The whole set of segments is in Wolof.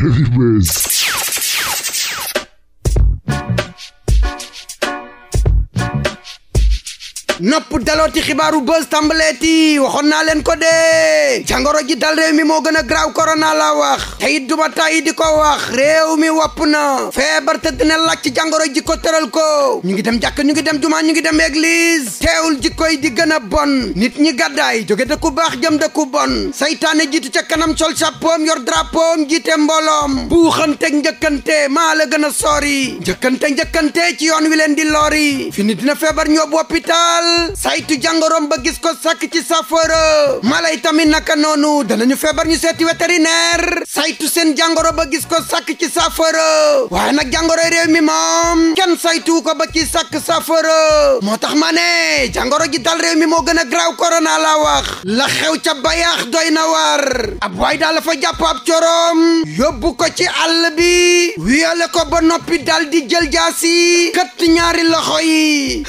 Heavyweight. nopp dalooti xibaaru bës tàmbaleeti waxoon naa leen ko dee jàngoro ji dal réew mi moo gën a graaw korona la wax te it duma tàyyi di ko wax réew mi wopp na feebar te dina laaj ci jàngoro ji ko tëral ko ñu ngi dem jàkk ñu ngi dem jumaa ñu ngi dem église teewul jikko yi di gën a bon nit ñi gàddaay jóge dëkku baax jëm dëkku bon saytaane jiitu ca kanam sol chapeau yor drapeau jiite mbooloom buuxanteeg njëkkante maa la gën a sori njëkkante njëkkante ci yoon wi leen di lori fini dina feebar ñoo bu hôpital feebaral saytu jàngoroom ba gis ko sàkk ci saafara mala yi tamit naka noonu danañu feebar ñu seeti vétérinaire saytu seen jàngoro ba gis ko sàkk ci saafara waaye nag jàngoro réew mi moom kenn saytu ko ba ci sàkk saafara moo tax mane ne jàngoro ji dal réew mi moo gën a graw korona laa wax la xew ca bayaax doy na war ab waay daal la fa jàpp ab coroom yóbbu ko ci àll bi wiyale ko ba noppi dal di jël jaasi këtt ñaari loxo yi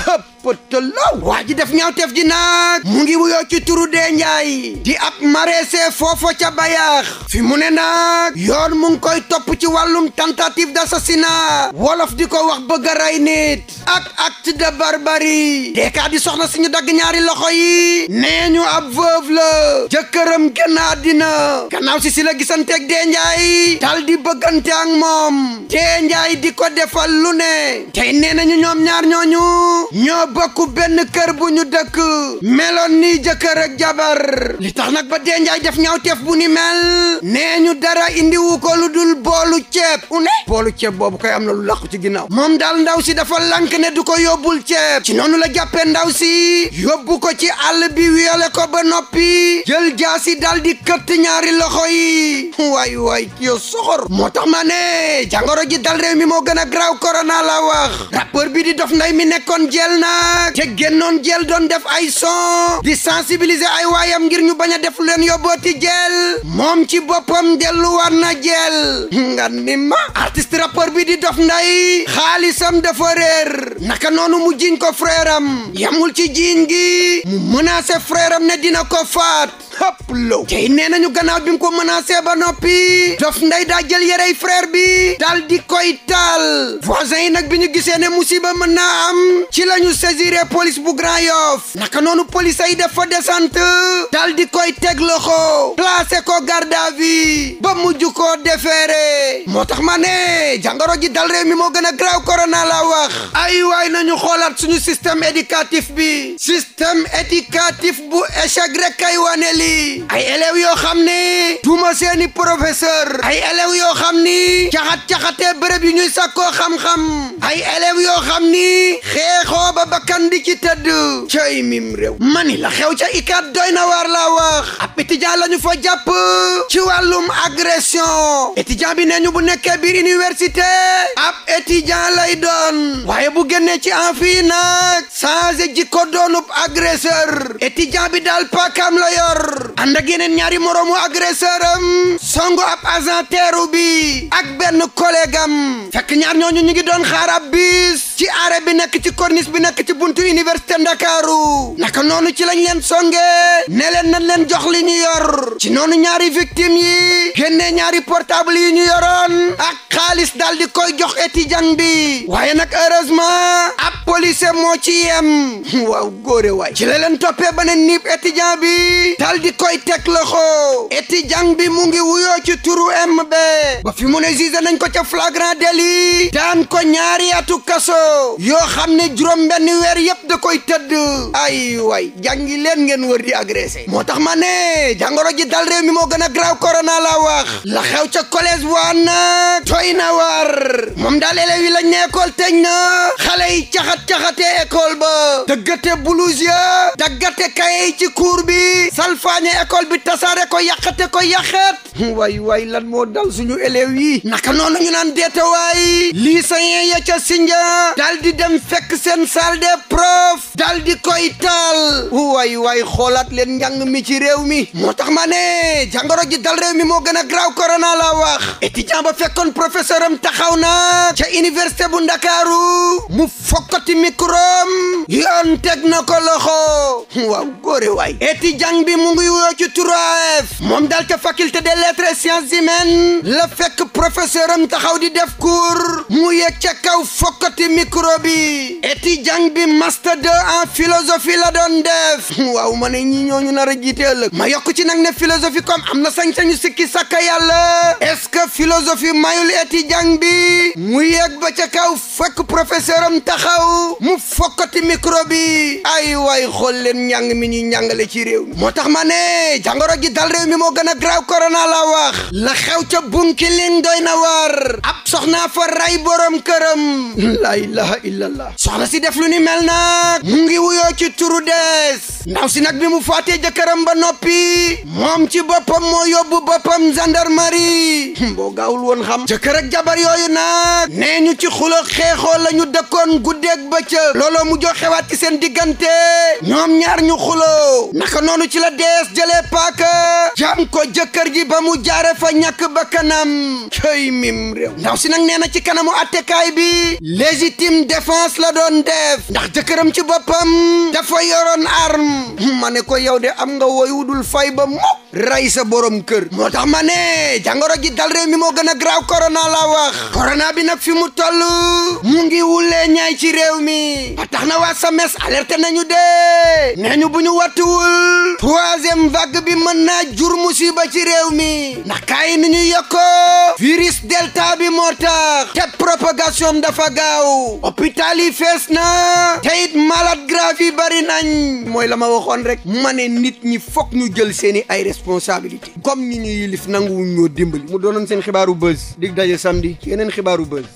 pëttëlaw waa ji def ñaawteef ji nag mu ngi wuyoo ci turu dee njaay di ab maraîcher foofa ca bayaax fi mu ne nag yoon mu ngi koy topp ci wàllum tentative d'assassinat wolof di ko wax bëgg a rey nit ak acte de barbarie deekaa di soxna si ñu dagg ñaari loxo yi nee ñu ab veuve la jëkkëram génn àddina gannaaw si si la gisanteeg dee njaay dal di bëggante ak moom dee njaay di ko defal lu ne tey nee nañu ñoom ñaar ñooñu ñoo bokk benn kër bu ñu dëkk meloon ni jëkkër ak jabar li tax nag ba dee njaay def ñaawteef bu ni mel nee ñu dara indiwu ko lu dul boolu ceeb une boolu ceeb boobu koy am na lu làqu ci ginnaaw moom daal ndaw si dafa lank ne du ko yóbbul ceeb ci noonu la jàppee ndaw si yóbbu ko ci àll bi wiyole ko ba noppi jël jaasi dal di këtt ñaari loxo yi waay waay yo soxor moo tax ma ne jàngoro ji dal réew mi moo gën a graw korona la wax rappeur bi di dof nday mi nekkoon nag te génnoon jël doon def ay son di sensibiliser ay waayam ngir ñu bañ a def leen yóbbooti jël moom ci boppam delluwaat na jël nga ni ma artiste rappeur bi di Dof Nday xaalisam dafa réer naka noonu mu jiñ ko frère yamul ci jiiñ gi mu menacé frère am dina ko faat hëpp low tey nee nañu gannaaw bi mu ko menacé ba noppi dof ndey daa jël yérey bi dal di koy taal voisin yi nag bi ñu gisee ne musiba mën na am ci lañu saisiré police bu Grand Yoff naka noonu police ay dafa descente dal di koy teg loxo placé ko garde à ba mujj ko defeere moo tax ma ne jàngoro ji dal réew mi moo gën a graaw corona la wax ay waay nañu xoolaat suñu système éducatif bi système éducatif bu échec rek kay wane li yi ay élèves yoo xam ni tuuma seeni professeur ay élèves yoo xam ni caxat-caxatee bërëb yi ñuy sàkkoo xam-xam ay élèves yoo xam ni xeexoo ba bakkan di ci tëdd cay mim réew mani la xew ca ikaat doy na waar laa wax ab étudiant la fa jàpp ci wàllum agression étudiant bi nee ñu bu nekkee bi université ab étudiant lay doon waaye bu génnee ci en fii jikko doonub agresseur étudiant bi daal paakaam la yor ànd ak yeneen ñaari moroomu agresseur am songo ab agent teeru bi ak benn collègue am fekk ñaar ñooñu ñu ngi doon xaar ab bis ci arrêt bi nekk ci corniche bi nekk ci buntu université ndakaaru naka noonu ci lañ leen songe ne leen nañ leen jox li ñu yor ci noonu ñaari victime yi génnee ñaari portable yi ñu yoroon xaalis daal di koy jox étudiant bi waaye nag heureusement ab policier moo ci yem waaw góore waay ci la leen toppee ba ne niib étudiant bi daal di koy teg loxo étudiant bi mu ngi wuyoo ci turu MB ba fi mu ne jugé nañ ko ca flagrant delli daan ko ñaari atu kaso yoo xam ne juróom-benn weer yëpp da koy tëdd ay waay jàngi leen ngeen wër di agressé moo tax ma ne jàngoro ji dal mi moo gën a graw corona la wax la xew ca collège waan doy na war moom dal élèves yi lañ ne école tëj na xale yi caxat-caxate école ba dëggate blouse ya daggate kaye yi ci cour bi salfaañe école bi tasaare ko yàqate ko yàqat waay waay lan moo dal suñu élèves yi naka noonu ñu naan deete waay lycéen ya ca Sinja daal di dem fekk seen salle des prof daal di koy taal waay xoolaat leen njàng mi ci réew mi moo tax ma ne jàngoro ji dal réew mi moo gën a graaw corona laa wax étudiant ba fekkoon prof professeur am taxaw na ca université bu ndakaaru mu fokkati microm yoon teg na ko loxo waaw góore waay étudiant bi mu ngi wuyoo ci 3F moom daal ca faculté des lettres et sciences la fekk professeur taxaw di def cours mu yegg ca kaw fokkati micro bi étudiant bi master 2 en philosophie la doon def waaw ma ne ñi ñooñu nar a jiite ëllëg ma yokk ci nag ne philosophie comme am na sañ-sañu sikki sàkka yàlla est que philosophie mayul étudiant bi mu yegg ba ca kaw fekk professeur am taxaw mu fokkati micro bi ay waay xool leen ñàng mi ñuy ñàngale ci réew moo tax ma ne jàngoro ji dal réew mi moo gën a graaw corona la wax la xew ca bunkiling doy na war ab soxnaa fa ray borom këram laa ilaha illallah soxna si def lu ni mel nag mu ngi wuyoo ci turu dees ndaw si nag bi mu faatee jëkkëram ba noppi moom ci boppam moo yóbbu boppam gendarmerie hmm, boo gaawul woon xam jëkkër ak jabar yooyu nag nee ñu ci xuloo xeexoo la ñu dëkkoon guddeeg bëccëg looloo mu jox xewaat ci seen diggante ñoom ñaar ñu xuloo naka noonu ci la dees jëlee paaka jam ko jëkkër ji ba mu jaare fa ñàkk ba kanam cëy mim réew ndaw si nag nee na ci kanamu attekaay bi légitime défense la doon def ndax jëkkëram ci boppam dafa yoroon arme ma ne ko yow de am nga woyu fay ba mukk ray sa borom kër moo tax ma ne jàngoro ji dal réew mi moo gën a graaw corona la wax corona bi nag fi mu toll mu ngi nay ci réew mi ba na waa SAMES alerté nañu de nee ñu bu ñu wattuwul troisième vague bi mën naa jur musiba ci réew mi ndax kaay ni ñu yokkoo virus delta bi moo tax te propagation dafa gaaw hôpital yi fees na te it malade grave yi bari nañ mooy la ma waxoon rek ma ne nit ñi fokk ñu jël seeni ay responsabilité comme ni ñu yilif nanguwuñ ñoo dimbali mu doonoon seen xibaaru buzz dig daje samedi ci yeneen xibaaru buzz